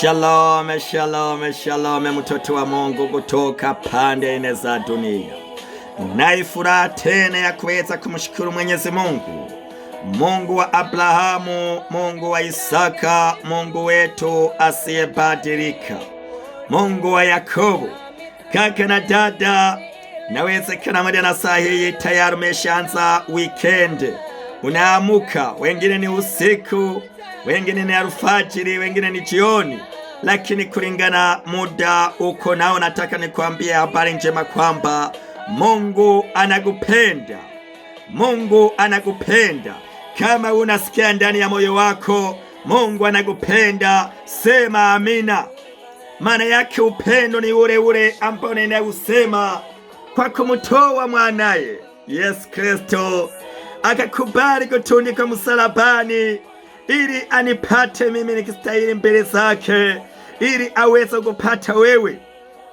Shalom, shalom, shalom mtoto wa Mungu kutoka pande nne za dunia. Ninayo furaha tena ya kuweza kumshukuru Mwenyezi Mungu, Mungu wa Abrahamu, Mungu wa Isaka, Mungu wetu asiyebadilika, Mungu wa Yakobo. Kaka na dada, nawezekana moja na saa hii tayari umeshaanza wikendi unaamuka, wengine ni usiku, wengine ni alfajiri, wengine ni jioni, lakini kulingana muda uko nao. Nataka nikwambie habari njema kwamba Mungu anakupenda, Mungu anakupenda. Kama unasikia ndani ya moyo wako Mungu anakupenda, sema amina. Maana yake upendo ni ule ule ambao ninausema kwa kumutoa mwanaye Yesu Kristo akakubali kutundikwa msalabani ili anipate mimi nikistahili mbele zake, ili aweze kupata wewe.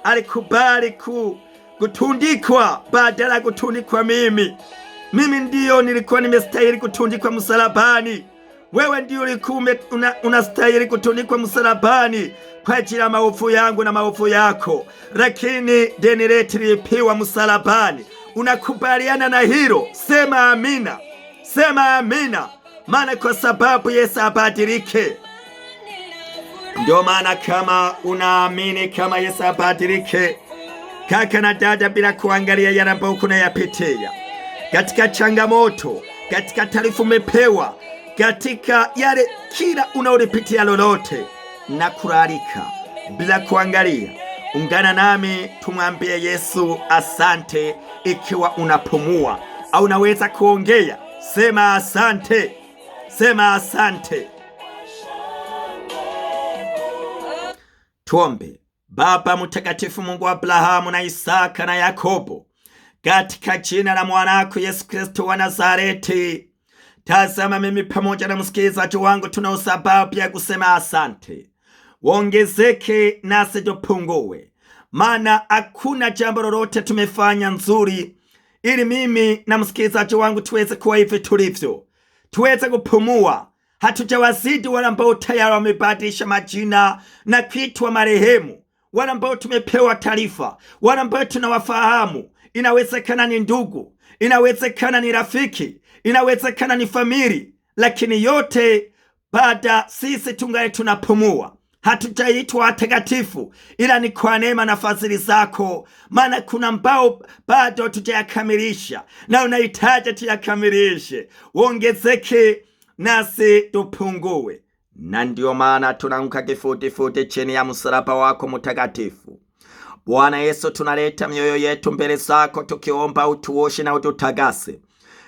Alikubali ku kutundikwa badala ya kutundikwa mimi. Mimi ndiyo nilikuwa nimestahili kutundikwa msalabani, wewe ndiyo ulikuwa unastahili una kutundikwa msalabani kwa ajili ya maovu yangu na maovu yako, lakini deni letu lilipiwa msalabani. Unakubaliana na hilo? Sema amina, sema amina, maana kwa sababu Yesu abadilike ndio maana kama unaamini kama Yesu abadilike, kaka na dada, bila kuangalia yale ambayo kunayapitia katika changamoto, katika taarifa umepewa, katika yale kila unaolipitia lolote, na kulalika bila kuangalia Ungana nami tumwambie Yesu asante. Ikiwa unapumua au unaweza kuongea, sema asante, sema asante. Tuombe. Baba Mtakatifu, Mungu wa Abrahamu na Isaka na Yakobo, katika jina la mwanako Yesu Kristo wa Nazareti, tazama mimi pamoja na msikilizaji wangu tuna sababu ya kusema asante waongezeke nasi tupungue, maana hakuna jambo lolote tumefanya nzuri, ili mimi na msikilizaji wangu tuweze kuwa hivi tulivyo, tuweze kupumua. Hatujawazidi wala ambao tayari wamebadilisha majina na kuitwa marehemu, wala ambao tumepewa taarifa, wala ambao tunawafahamu. Inawezekana ni ndugu, inawezekana ni rafiki, inawezekana ni famili, lakini yote baada sisi tungali tunapumua hatujaitwa watakatifu, ila ni kwa neema na fadhili zako, maana kuna mbao bado tujayakamilisha na unahitaji tuyakamilishe. Uongezeke nasi tupungue, na ndiyo maana tunanguka kifutifuti chini ya msalaba wako mtakatifu. Bwana Yesu, tunaleta mioyo yetu mbele zako tukiomba utuoshe na ututakase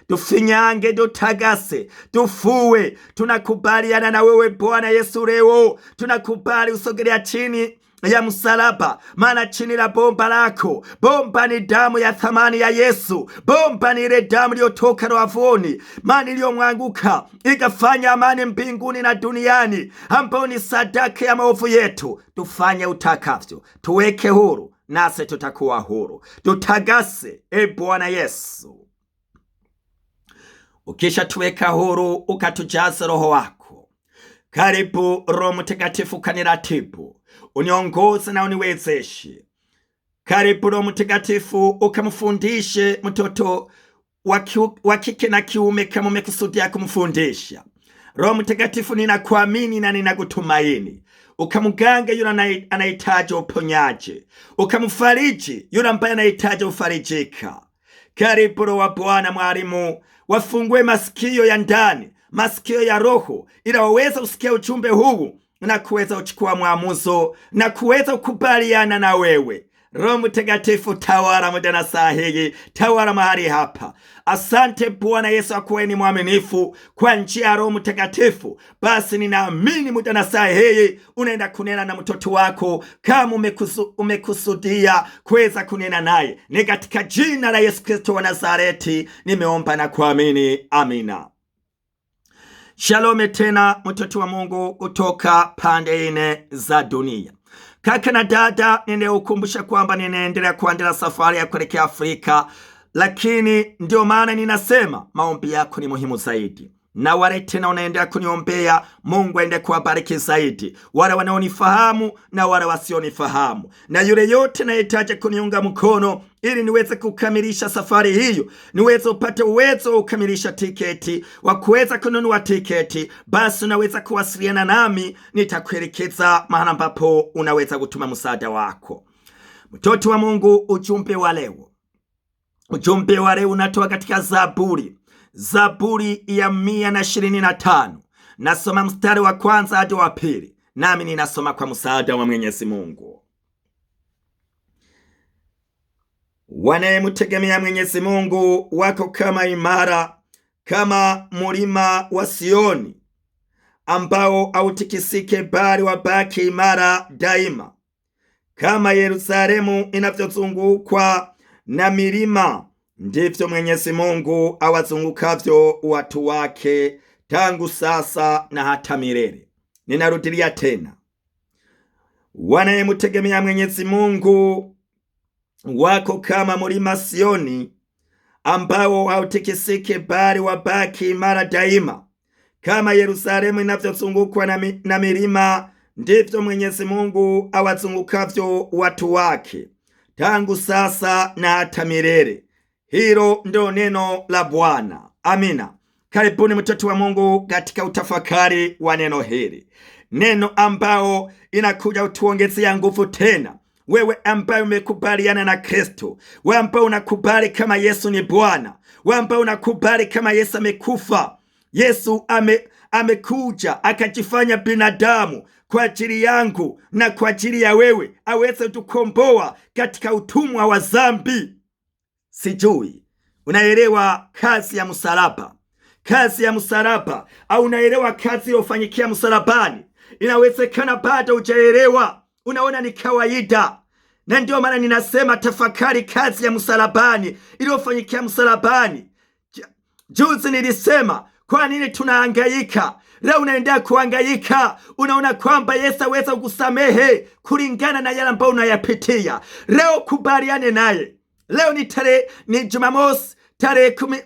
tufinyange, tutagase, tufue. Tunakubaliana na wewe Bwana Yesu leo, tunakubali usogelea chini ya msalaba, maana chini la bomba lako, bomba ni damu ya thamani ya Yesu. Bomba ni ile damu iliyotoka roavoni, maana iliyomwanguka ikafanya amani mbinguni na duniani, ambayo ni sadaka ya maovu yetu. Tufanye utakavyo, tuweke huru, nasi tutakuwa huru. Tutagase, e Bwana Yesu ukisha tuweka huru ukatujaza Roho wako. Karibu Roho Mtakatifu kaniratibu, uniongoze na uniwezeshe. Karibu Roho Mtakatifu ukamfundishe mtoto wa kike na kiume kama umekusudia kumfundisha. Roho Mtakatifu, ninakuamini na ninakutumaini. Ukamuganga yule anahitaji uponyaji, ukamfariji yule ambaye anahitaji ufarijika. Karipuro wa Bwana mwalimu, wafungue masikio ya ndani, masikio ya roho, ili waweze kusikia ujumbe huu na kuweza kuchukua mwamuzo na kuweza kukubaliana na wewe. Roho Mtakatifu, tawara muda na saa hii, tawara mahali hapa. Asante Bwana Yesu, akuwe ni mwaminifu kwa njia ya Roho Mtakatifu. Basi ninaamini muda na saa hii unaenda kunena na mtoto wako kama umekusu, umekusudia kuweza kunena naye, ni katika jina la Yesu Kristo wa Nazareti nimeomba na kuamini, amina. Shalome tena mtoto wa Mungu kutoka pande ine za dunia. Kaka na dada, ninayokumbusha kwamba ninaendelea kuandaa safari ya kuelekea Afrika, lakini ndio maana ninasema maombi yako ni muhimu zaidi na wale tena wanaendelea kuniombea, Mungu aende kuwabariki zaidi, wale wanaonifahamu na wale wasionifahamu, na yule yote nayehitaji kuniunga mkono ili niweze kukamilisha safari hiyo, niweze upate uwezo wa kukamilisha tiketi wa kuweza kununua tiketi, basi unaweza kuwasiliana nami, nitakuelekeza mahala ambapo unaweza kutuma msaada wako. Mtoto wa Mungu, ujumbe wa leo, ujumbe wa leo unatoa katika Zaburi, Zaburi ya mia na ishirini na tano. Nasoma mstari wa kwanza hadi wa pili, nami ninasoma kwa msaada wa Mwenyezi Mungu. Wanayemtegemea Mwenyezi Mungu wako kama imara, kama mlima wa Sioni ambao autikisike bali wabaki imara daima, kama Yerusalemu inavyozungukwa na milima, ndivyo Mwenyezi Mungu awazungukavyo watu wake tangu sasa na hata milele. Ninarudilia tena, wanayemtegemea Mwenyezi Mungu wako kama mlima Sioni ambao hautikisike bali wabaki imara daima. Kama Yerusalemu inavyozungukwa na milima, ndivyo Mwenyezi Mungu awazungukavyo watu wake, tangu sasa na hata milele. Hilo ndio neno la Bwana. Amina. Karibuni mtoto wa Mungu katika utafakari wa neno hili, neno ambao inakuja utuongezea nguvu tena wewe ambaye umekubaliana na Kristo, wewe ambaye unakubali kama Yesu ni Bwana, wewe ambaye unakubali kama Yesu amekufa, Yesu ame amekuja akajifanya binadamu kwa ajili yangu na kwa ajili ya wewe, aweze kutukomboa katika utumwa wa zambi. Sijui unaelewa kazi ya msalaba, kazi ya msalaba, au unaelewa kazi iliyofanyikia msalabani? Inawezekana bado hujaelewa unaona ni kawaida, na ndiyo maana ninasema tafakari kazi ya msalabani iliyofanyikia msalabani. Juzi nilisema kwa nini tunahangaika leo, unaendea kuhangaika, unaona kwamba Yesu aweza kukusamehe kulingana na yale ambayo unayapitia leo. Kubaliane naye. Leo ni tarehe ni Jumamosi tarehe kumi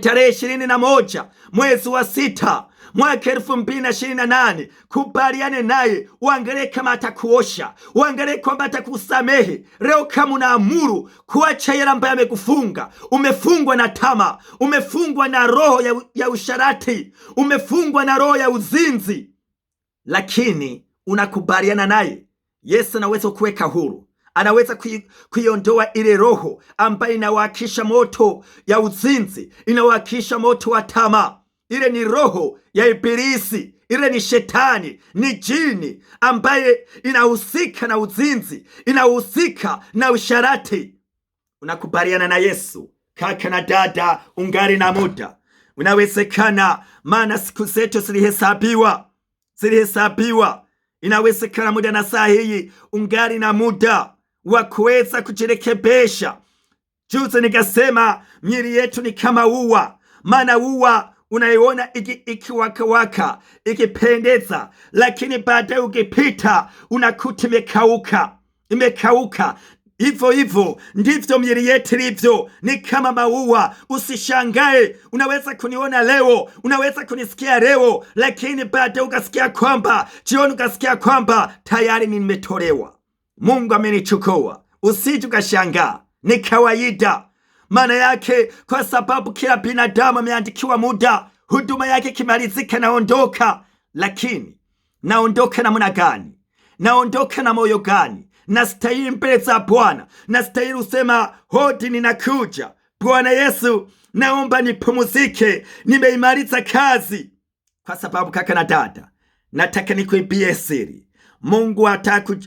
tarehe ishirini na moja mwezi wa sita mwaka elfu mbili na ishirini na nane kubaliane naye, uangalie kama atakuosha, uangalie kwamba atakusamehe. Leo kama unaamuru kuacha yale ambayo amekufunga, umefungwa na tamaa, umefungwa na roho ya, ya usharati, umefungwa na roho ya uzinzi, lakini unakubaliana naye, Yesu anaweza kuweka huru anaweza kuiondoa ile roho ambayo inawakisha moto ya uzinzi, inawakisha moto wa tamaa. Ile ni roho ya Ibilisi, ile ni shetani, ni jini ambaye inahusika na uzinzi, inahusika na usharati. Unakubaliana na Yesu? Kaka na dada, ungali na muda, unawezekana, maana siku zetu zilihesabiwa, zilihesabiwa. Inawezekana muda na saa hii ungali na muda wa kuweza kujirekebesha. Juzi nikasema miili yetu ni kama uwa, maana uwa unaiona iki, ikiwakawaka ikipendeza, lakini baadaye ukipita unakuta imekauka, imekauka. Hivyo hivyo ndivyo miili yetu ilivyo, ni kama maua. Usishangae, unaweza kuniona leo, unaweza kunisikia leo, lakini baadaye ukasikia kwamba jioni, ukasikia kwamba tayari nimetolewa, Mungu amenichukua. Usije ukashangaa, ni kawaida. Maana yake kwa sababu kila binadamu ameandikiwa muda, huduma yake kimalizike, naondoka. Lakini naondoka namna gani? Naondoka na moyo gani? Nastahili mbele za Bwana, nastahili usema hodi, ninakuja Bwana Yesu, naomba nipumuzike, nimeimaliza kazi. Kwa sababu kaka na dada, nataka nikuibie siri. Mungu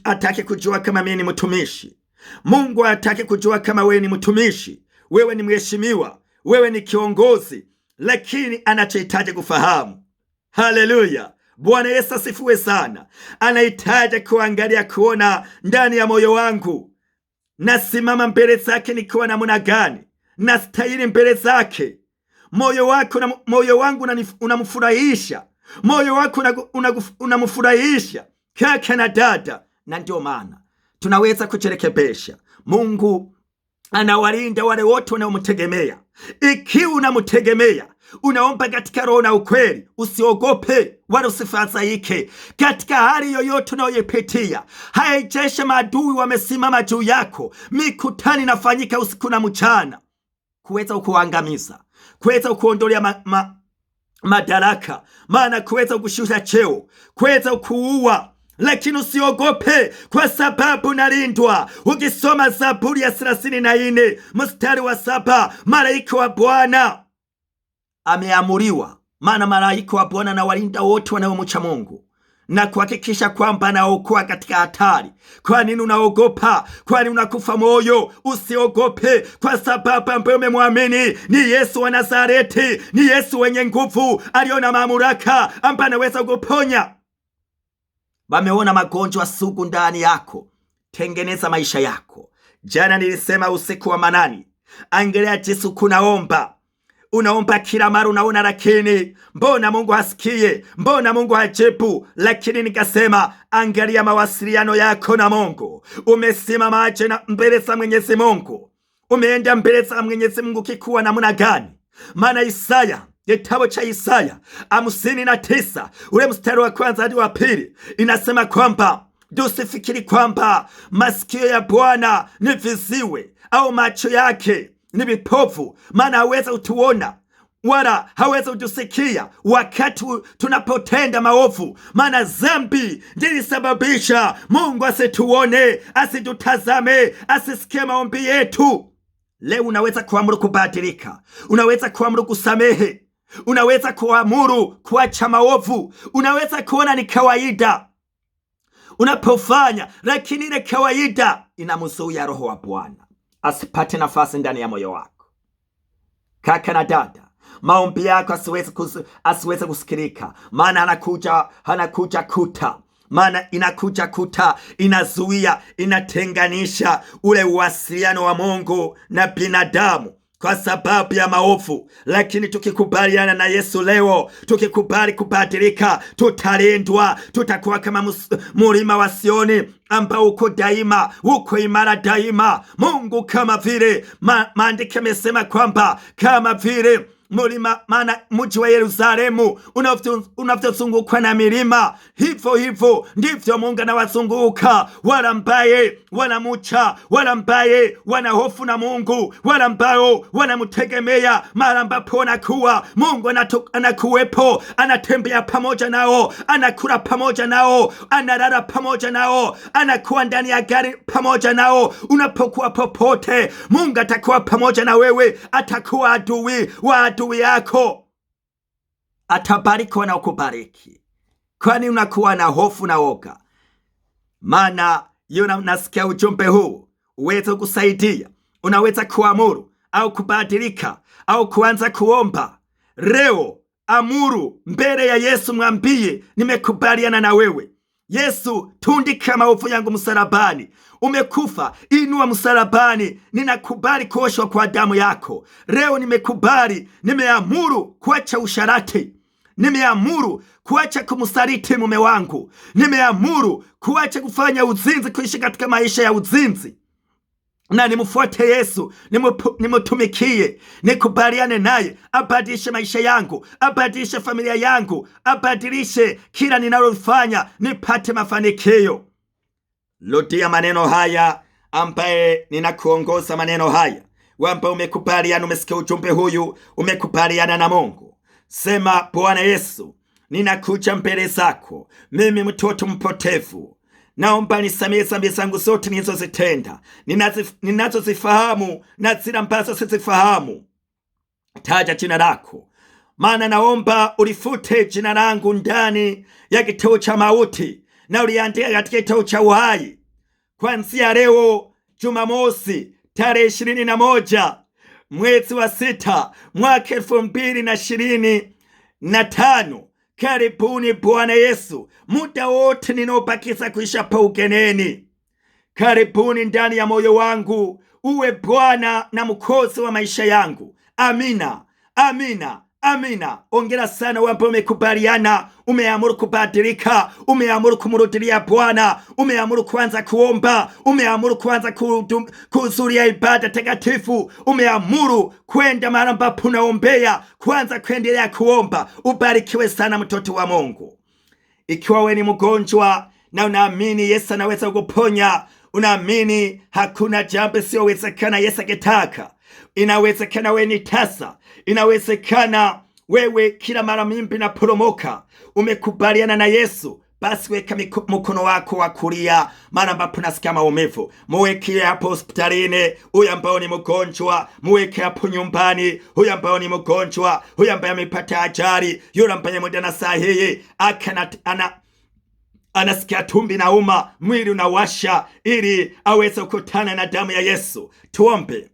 atake kujua kama mimi ni mtumishi. Mungu atake kujua kama wewe ni mtumishi wewe ni mheshimiwa, wewe ni kiongozi, lakini anachohitaji kufahamu. Haleluya! Bwana Yesu asifiwe sana. Anahitaji kuangalia, kuona ndani ya moyo wangu, nasimama mbele zake nikiwa namuna gani, nastahili mbele zake. Moyo wako na moyo wangu unamfurahisha, moyo wako unamfurahisha kaka na dada, na ndio maana tunaweza kucherekebesha Mungu anawalinda wale wote wanaomtegemea. Ikiwa unamtegemea unaomba katika roho na ukweli, usiogope wala usifadhaike katika hali yoyote unayoipitia. Haijeshe maadui wamesimama juu yako, mikutani inafanyika usiku na mchana kuweza kuangamiza, kuweza kuondolea ma, ma, madaraka, maana kuweza kushusha cheo, kuweza kuua lakini usiogope kwa sababu nalindwa. Ukisoma Zaburi ya thelathini na nne mstari wa saba malaika wa Bwana ameamuriwa, maana malaika wa Bwana nawalinda wote wanaomcha Mungu na kuhakikisha kwamba naokoa katika hatari. Kwa nini unaogopa? nini unakufa moyo? Usiogope, kwa sababu ambaye umemwamini ni Yesu wa Nazareti, ni Yesu wenye nguvu aliyo na mamlaka ambaye anaweza kuponya wameona magonjwa sugu ndani yako. Tengeneza maisha yako. Jana nilisema usiku wa manani, angelea Yesu. kunaomba unaomba kila mara unaona, lakini mbona Mungu hasikie? Mbona Mungu hajibu? Lakini nikasema angalia mawasiliano yako na Mungu. Umesimamaje na mbele za Mwenyezi Mungu? Umeenda mbele za Mwenyezi Mungu kikuwa namna gani? Maana Isaya Kitabu cha Isaya hamsini na tisa ule mstari wa kwanza hadi wa pili inasema kwamba tusifikiri kwamba masikio ya Bwana ni viziwe au macho yake ni vipofu, maana haweza kutuona wala haweza kutusikia wakati tunapotenda maovu, maana dhambi ndilisababisha Mungu asituone, asitutazame, asisikie maombi yetu. Leo unaweza kuamuru kubadilika, unaweza kuamuru kusamehe unaweza kuamuru kuacha maovu. Unaweza kuona ni kawaida unapofanya, lakini ile kawaida inamzuia Roho wa Bwana asipate nafasi ndani ya moyo wako. Kaka na dada, maombi yako asiweze kusikirika kusikilika, maana anakuja anakuja kuta maana inakuja kuta, inazuia, inatenganisha ule uwasiliano wa Mungu na binadamu kwa sababu ya maovu, lakini tukikubaliana na Yesu leo, tukikubali kubadilika, tutalindwa, tutakuwa kama mulima wa Sioni ambao uko daima, uko imara daima. Mungu kama vile maandiko yamesema kwamba kama vile muri mana mji wa Yerusalemu unavyozungukwa na milima, hivyo hivyo ndivyo Mungu anawazunguka wala wala mucha wala wana hofu na Mungu, wala ambao wanamtegemea. Mara ambapo wanakuwa, Mungu anakuwepo, anatembea pamoja nao, anakula pamoja nao, analala pamoja nao, anakuwa ndani ya gari pamoja nao. Unapokuwa popote, Mungu atakuwa pamoja na wewe, atakuwa adui wa adui adui yako atabariki na ukubariki, kwani unakuwa na hofu na woga. Maana iyo nasikia ujumbe huu uweze kusaidia, unaweza kuamuru au kubadilika au kuanza kuomba leo. Amuru mbele ya Yesu, mwambie nimekubaliana na wewe, Yesu, tundika maovu yangu msalabani. Umekufa, inua msalabani. Ninakubali kuoshwa kwa damu yako leo. Nimekubali, nimeamuru kuacha usharati, nimeamuru kuacha kumsaliti mume wangu, nimeamuru kuacha kufanya uzinzi, kuishi katika maisha ya uzinzi na nimfuate Yesu, nimutumikie, nikubaliane naye, abadilishe maisha yangu, abadilishe familia yangu, abadilishe kila ninalofanya, nipate mafanikio. Rudia maneno haya ambaye ninakuongoza maneno haya, wamba umekubaliana, umesikia ujumbe huyu, umekubaliana na Mungu. Sema, Bwana Yesu, ninakuja mbele zako, mimi mtoto mpotevu Naomba nisamehe dhambi zangu zote nilizozitenda, ninazozifahamu na zile ambazo sizifahamu. Taja jina lako, maana naomba ulifute jina langu ndani ya kitabu cha mauti na uliandika katika kitabu cha uhai. Kwanzia leo Jumamosi tarehe ishirini na moja mwezi wa sita mwaka elfu mbili na ishirini na tano Karibuni Bwana Yesu, muda wote ninaobakiza kuisha hapa ugeneni. Karibuni ndani ya moyo wangu, uwe Bwana na mkozi wa maisha yangu. Amina, amina, Amina. Ongera sana wapo umekubaliana, umeamuru kubadilika, umeamuru kumrudilia Bwana, umeamuru kuanza kuomba, umeamuru kuanza kuhudhuria ibada takatifu, umeamuru kwenda mahali ambapo unaombea, kuanza kuendelea kuomba. Ubarikiwe sana mtoto wa Mungu. Ikiwa we ni mgonjwa na unaamini Yesu anaweza kuponya, unaamini hakuna jambo isiyowezekana Yesu akitaka Inawezekana wewe ni tasa, inawezekana wewe kila mara mimbi na poromoka. Umekubaliana na Yesu, basi weka mkono wako wa kulia mara ambapo nasikia maumivu, muweke hapo hospitalini huyu ambao ni mgonjwa, muweke hapo nyumbani huyu ambao ni mgonjwa, huyu ambaye amepata ajali, yule ambaye muda na saa hii ana anasikia tumbi na uma, mwili unawasha, ili aweze kukutana na damu ya Yesu. Tuombe.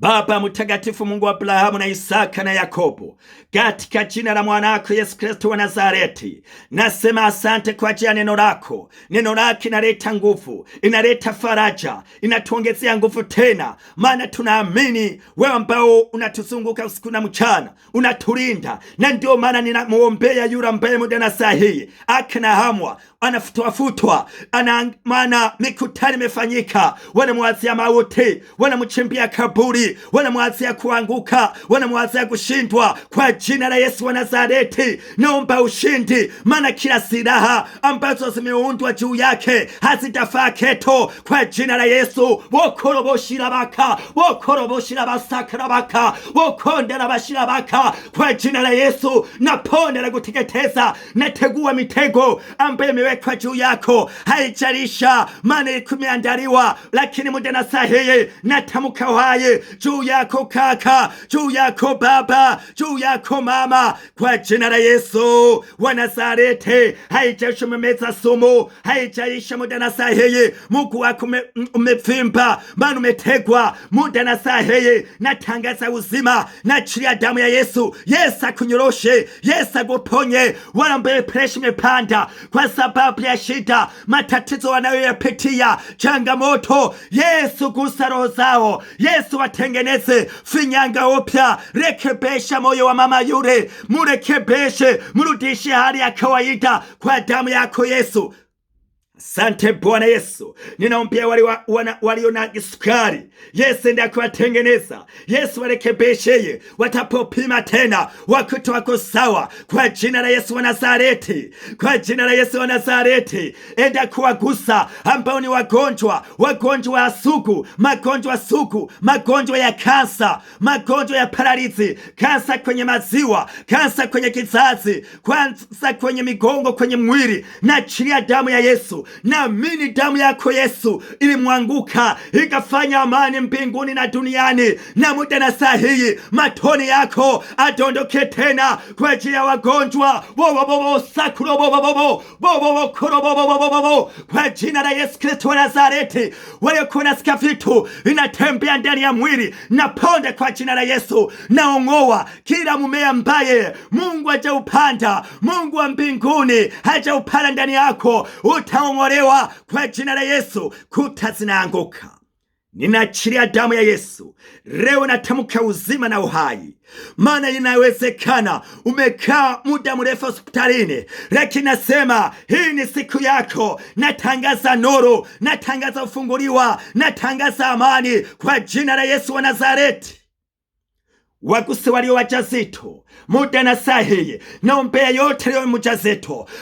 Baba Mtakatifu, Mungu wa Abrahamu na Isaka na Yakobo, katika jina la mwanako Yesu Kristo wa Nazareti, nasema asante kwa ajili ya neno lako. Neno lako inaleta nguvu, inaleta faraja, inatuongezea nguvu tena, maana tunaamini wewe ambao unatuzunguka usiku na mchana, unatulinda, na ndio maana ninamuombea yule ambaye muda na sahihi akanahamwa anafutwafutwa, ana maana mikutano imefanyika, wanamwazia mauti, wanamchimbia kaburi, wanamwazia kuanguka, wanamwazia kushindwa. Kwa jina la Yesu wa Nazareti, naomba ushindi, maana kila silaha ambazo zimeundwa juu yake hazitafaa keto, kwa jina la Yesu wokoroboshirabaka wokoroboshirabasakarabaka wokonderabashirabaka, kwa jina la Yesu naponde la kuteketeza, nategua mitego ambayo iliyowekwa juu yako haijalisha, maana kumeandaliwa, lakini muda na sahihi natamka waye juu yako kaka, juu yako baba, juu yako mama, kwa jina la Yesu wa Nazareti. Haijalisha umemeza sumu, haijalisha muda na sahihi Mungu wako umefimba, maana umetegwa. Muda na sahihi natangaza uzima na chini ya damu ya Yesu. Yesu akunyoroshe, Yesu akuponye, wala mbele presha imepanda kwa sababu sababu ya shida, matatizo wanayoyapitia, changamoto. Yesu, gusa roho zao Yesu, watengeneze, finyanga upya, rekebesha moyo wa mama yule, murekebeshe, murudishe hali ya kawaida kwa damu yako Yesu. Sante Bwana Yesu, ninaombea wale walio na kisukari. Yesu ndiye akiwatengeneza. Yesu warekebishe, watapopima tena wakuto wako sawa, kwa jina la Yesu wa Nazareti, kwa jina la Yesu wa Nazareti. Enda kuwagusa ambao ni wagonjwa, wagonjwa ya sugu, magonjwa sugu, magonjwa ya kansa, magonjwa ya paralizi, kansa kwenye maziwa, kansa kwenye kizazi, kansa kwenye migongo, kwenye mwili, na chini ya damu ya Yesu naamini damu yako Yesu ilimwanguka ikafanya amani mbinguni na duniani, na muda na saa hii matone yako adondoke tena kwa ajili ya wagonjwa wowowowosakurowowowowowowokoroowowowowo kwa jina la Yesu kristu wa Nazareti, waliokuwa nasikia ndani ya mwili na ponde kwa jina la Yesu, naong'oa kila mumea mbaye Mungu hajaupanda Mungu wa mbinguni hajaupanda ndani yako uta umeng'olewa kwa jina la Yesu, kuta zinaanguka. Ninachilia damu ya Yesu leo, natamka uzima na uhai. Maana inawezekana umekaa muda mrefu hospitalini, lakini nasema hii ni siku yako. Natangaza nuru, natangaza ufunguliwa, natangaza amani kwa jina la Yesu wa Nazareti waguse walio wajazito muda na saa hii, naombea yote leo muja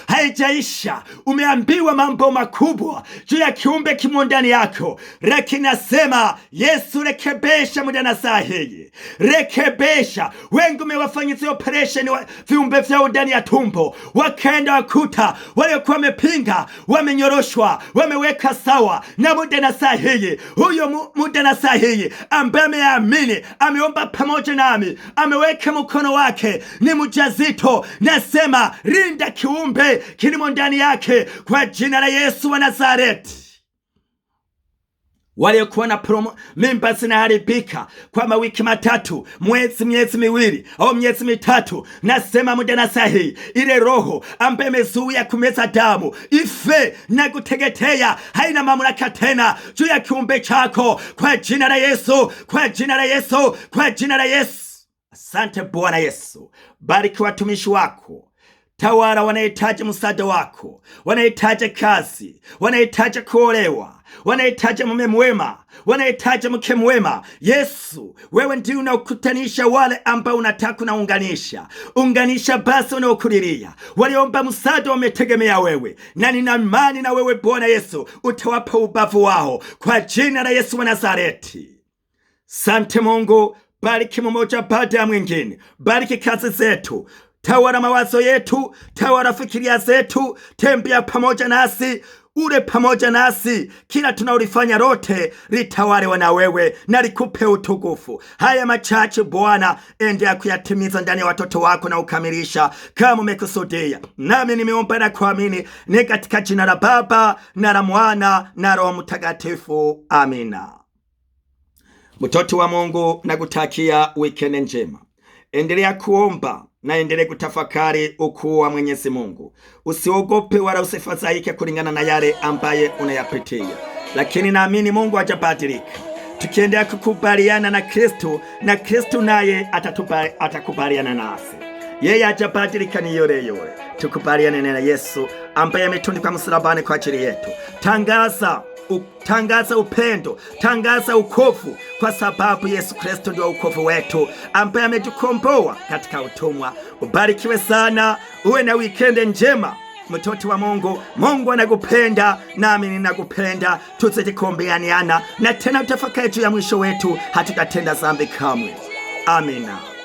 haijaisha. Umeambiwa mambo makubwa juu ya kiumbe kimo ndani yako, lakini nasema Yesu, rekebesha muda na saa hii, rekebesha. Wengi umewafanyizia operesheni viumbe vyao ndani ya tumbo, wakaenda wakuta waliokuwa wamepinga wamenyoroshwa, wameweka sawa. Na muda na saa hii, huyo muda na saa hii ambaye ameamini ameomba pamoja na nami ameweka mkono wake, ni mjazito. Nasema linda kiumbe kilimo ndani yake, kwa jina la Yesu wa Nazareti waliokuwa na mimba zinaharibika kwa mawiki matatu, mwezi, miezi miwili au miezi mitatu. Nasema muda na sahihi, ile roho ambaye imezuia kumeza damu ife na kuteketea, haina mamlaka tena juu ya kiumbe chako, kwa jina la Yesu, kwa jina la Yesu, kwa jina la Yesu. Asante Bwana Yesu, bariki watumishi wako Tawala wanahitaji msaada wako, wanahitaji kazi, wanahitaji kuolewa, wanahitaji mume mwema, wanahitaji mke mwema. Yesu, wewe ndiye unaokutanisha wale ambao unataka unaunganisha. Unganisha basi unaokulilia, waliomba msaada, wametegemea wewe, na nina imani na wewe Bwana Yesu utawapa ubavu wao kwa jina la Yesu wa Nazareti. Sante Mungu, bariki mmoja baada ya mwingine, bariki kazi zetu tawala mawazo yetu, tawala fikiria zetu, tembea pamoja nasi ule pamoja nasi, kila tunaolifanya lote litawalewa na wewe na likupe utukufu. Haya machache Bwana, endea kuyatimiza ndani ya watoto wako na ukamilisha kama umekusudia. Nami nimeomba na kuamini, ni katika jina la Baba na la Mwana na Roho Mtakatifu, amina. Mtoto wa Mungu, nakutakia wikendi njema, endelea kuomba naendelee kutafakari ukuu wa Mwenyezi Mungu. Usiogope wala usifadhaike kulingana na yale ambaye unayapitia, lakini naamini Mungu hajabadilika. Tukiendelea kukubaliana na Kristu na Kristu naye atakubaliana nasi, yeye hajabadilika, ni yule yule. Tukubaliane na Yesu ambaye ametundikwa msalabani kwa ajili yetu. Tangaza, tangaza upendo, tangaza ukovu kwa sababu Yesu Kristo ndio wokovu wetu ambaye ametukomboa katika utumwa. Ubarikiwe sana, uwe na wikende njema. Mtoto wa Mungu, Mungu anakupenda nami ninakupenda. Tuzijikombeaniana na tena utafakae juu ya mwisho wetu, hatutatenda zambi kamwe. Amina.